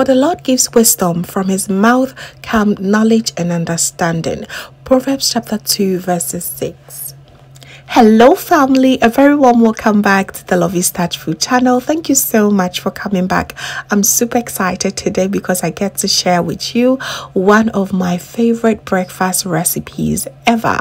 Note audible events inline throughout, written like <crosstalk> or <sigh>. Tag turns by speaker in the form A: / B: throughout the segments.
A: For the Lord gives wisdom, from his mouth come knowledge and understanding. Proverbs chapter 2, verses 6. Hello, family. A very warm welcome back to the Lovey Touch Food channel. Thank you so much for coming back. I'm super excited today because I get to share with you one of my favorite breakfast recipes ever.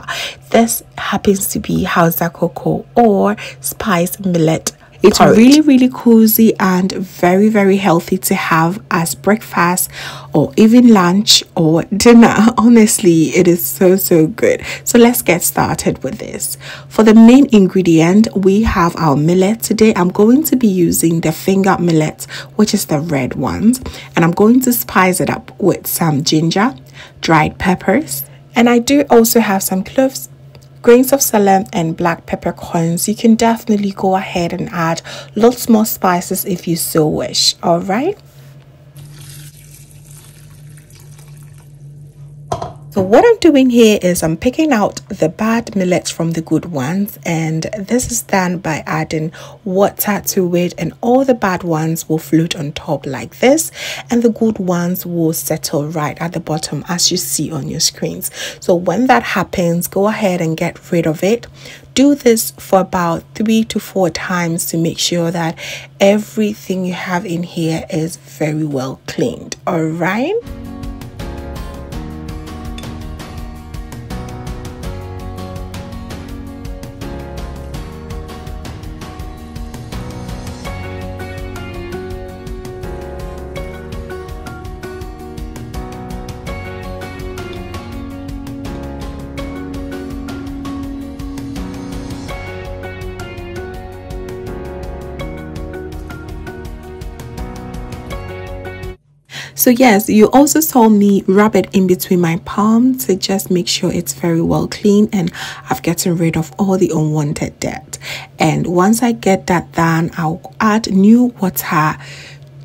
A: This happens to be Hausa cocoa or spice millet it's porridge. really, really cozy and very, very healthy to have as breakfast or even lunch or dinner. <laughs> Honestly, it is so, so good. So let's get started with this. For the main ingredient, we have our millet. Today, I'm going to be using the finger millet, which is the red ones. And I'm going to spice it up with some ginger, dried peppers, and I do also have some cloves grains of salam and black peppercorns you can definitely go ahead and add lots more spices if you so wish all right So what I'm doing here is I'm picking out the bad millets from the good ones and this is done by adding water to it and all the bad ones will float on top like this and the good ones will settle right at the bottom as you see on your screens. So when that happens, go ahead and get rid of it do this for about three to four times to make sure that everything you have in here is very well cleaned all right So yes, you also saw me rub it in between my palm to just make sure it's very well clean and I've gotten rid of all the unwanted dirt. And once I get that done, I'll add new water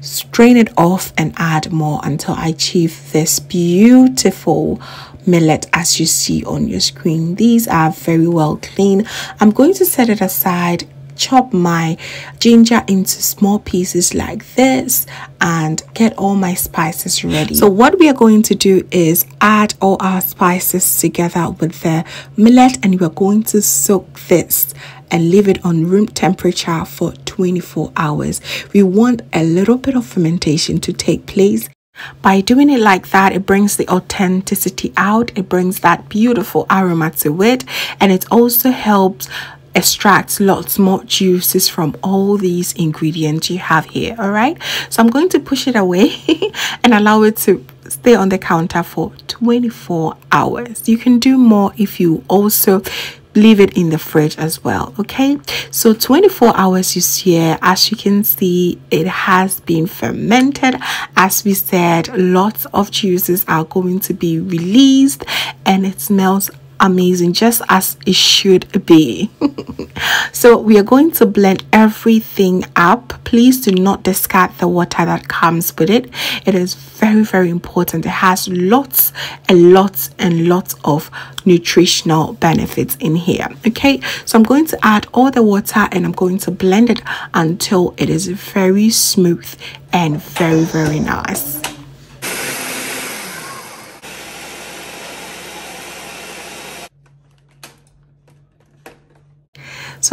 A: strain it off and add more until I achieve this beautiful millet as you see on your screen these are very well clean i'm going to set it aside chop my ginger into small pieces like this and get all my spices ready so what we are going to do is add all our spices together with the millet and we're going to soak this and leave it on room temperature for 24 hours we want a little bit of fermentation to take place by doing it like that, it brings the authenticity out, it brings that beautiful aroma to it, and it also helps extract lots more juices from all these ingredients you have here all right so i'm going to push it away <laughs> and allow it to stay on the counter for 24 hours you can do more if you also leave it in the fridge as well okay so 24 hours is here as you can see it has been fermented as we said lots of juices are going to be released and it smells amazing just as it should be <laughs> so we are going to blend everything up please do not discard the water that comes with it it is very very important it has lots and lots and lots of nutritional benefits in here okay so i'm going to add all the water and i'm going to blend it until it is very smooth and very very nice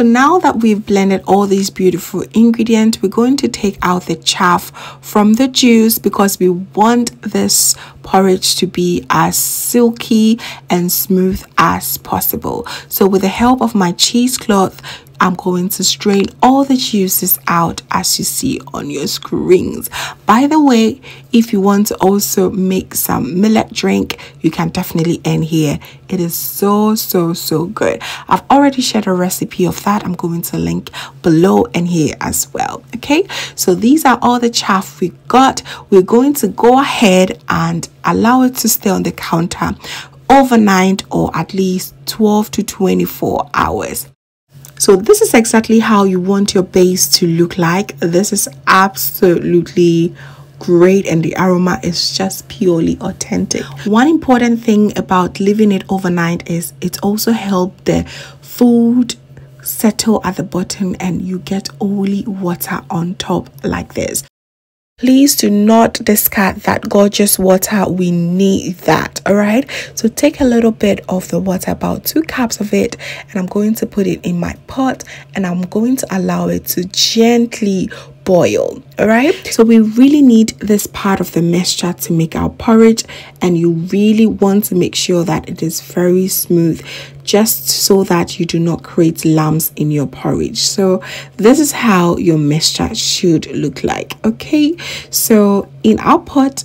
A: So now that we've blended all these beautiful ingredients, we're going to take out the chaff from the juice because we want this porridge to be as silky and smooth as possible. So with the help of my cheesecloth, I'm going to strain all the juices out as you see on your screens. By the way, if you want to also make some millet drink, you can definitely end here. It is so, so, so good. I've already shared a recipe of that. I'm going to link below and here as well. Okay, so these are all the chaff we got. We're going to go ahead and allow it to stay on the counter overnight or at least 12 to 24 hours so this is exactly how you want your base to look like. This is absolutely great and the aroma is just purely authentic. One important thing about leaving it overnight is it also helps the food settle at the bottom and you get oily water on top like this. Please do not discard that gorgeous water. We need that. All right. So take a little bit of the water, about two cups of it, and I'm going to put it in my pot and I'm going to allow it to gently boil all right so we really need this part of the mixture to make our porridge and you really want to make sure that it is very smooth just so that you do not create lumps in your porridge. So this is how your mixture should look like. Okay, so in our pot,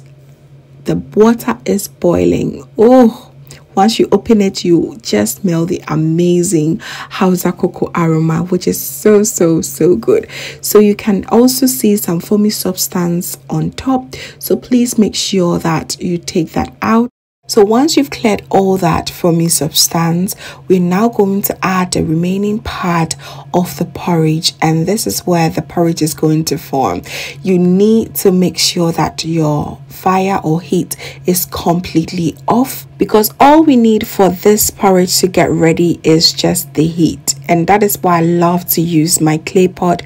A: the water is boiling. Oh, once you open it you just smell the amazing hausa cocoa aroma which is so so so good so you can also see some foamy substance on top so please make sure that you take that out so once you've cleared all that from your substance, we're now going to add the remaining part of the porridge and this is where the porridge is going to form. You need to make sure that your fire or heat is completely off because all we need for this porridge to get ready is just the heat and that is why I love to use my clay pot.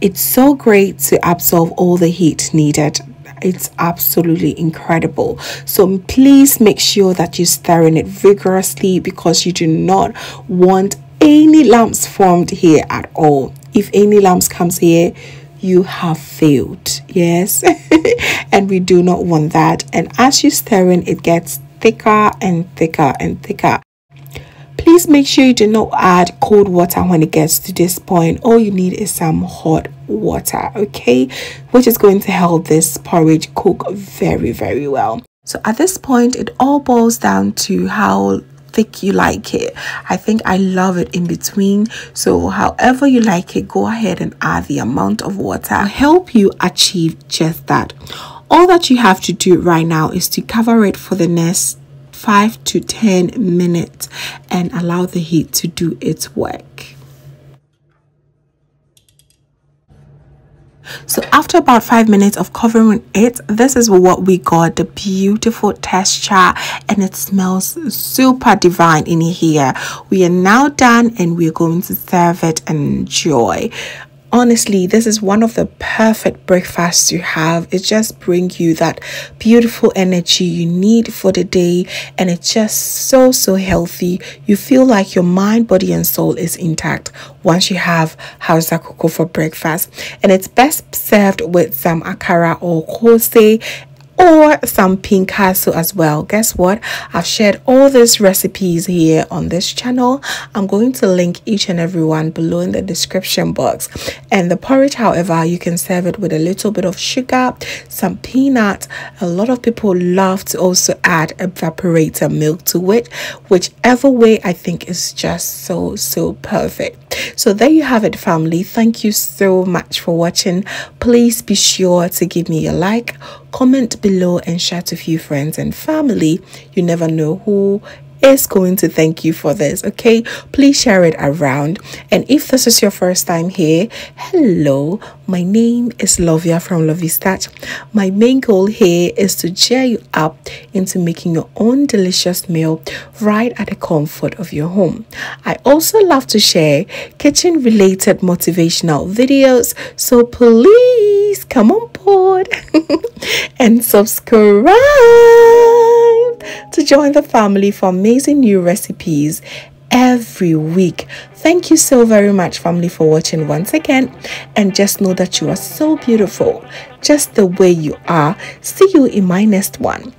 A: It's so great to absorb all the heat needed. It's absolutely incredible. So please make sure that you're stirring it vigorously because you do not want any lumps formed here at all. If any lumps comes here, you have failed. Yes. <laughs> and we do not want that. And as you're stirring, it gets thicker and thicker and thicker Please make sure you do not add cold water when it gets to this point. All you need is some hot water, okay? Which is going to help this porridge cook very, very well. So at this point, it all boils down to how thick you like it. I think I love it in between. So however you like it, go ahead and add the amount of water. to help you achieve just that. All that you have to do right now is to cover it for the next 5 to 10 minutes and allow the heat to do its work. So after about 5 minutes of covering it, this is what we got, the beautiful texture and it smells super divine in here. We are now done and we're going to serve it and enjoy honestly this is one of the perfect breakfasts you have it just brings you that beautiful energy you need for the day and it's just so so healthy you feel like your mind body and soul is intact once you have hausa cocoa for breakfast and it's best served with some akara or kose or some pinkasu as well guess what i've shared all these recipes here on this channel i'm going to link each and every one below in the description box and the porridge however you can serve it with a little bit of sugar some peanut a lot of people love to also add evaporator milk to it whichever way i think is just so so perfect so there you have it family thank you so much for watching please be sure to give me a like comment below below and share to few friends and family. You never know who is going to thank you for this okay please share it around and if this is your first time here hello my name is lovia from lovistat my main goal here is to cheer you up into making your own delicious meal right at the comfort of your home i also love to share kitchen related motivational videos so please please come on board <laughs> and subscribe to join the family for amazing new recipes every week. Thank you so very much, family, for watching once again. And just know that you are so beautiful, just the way you are. See you in my next one.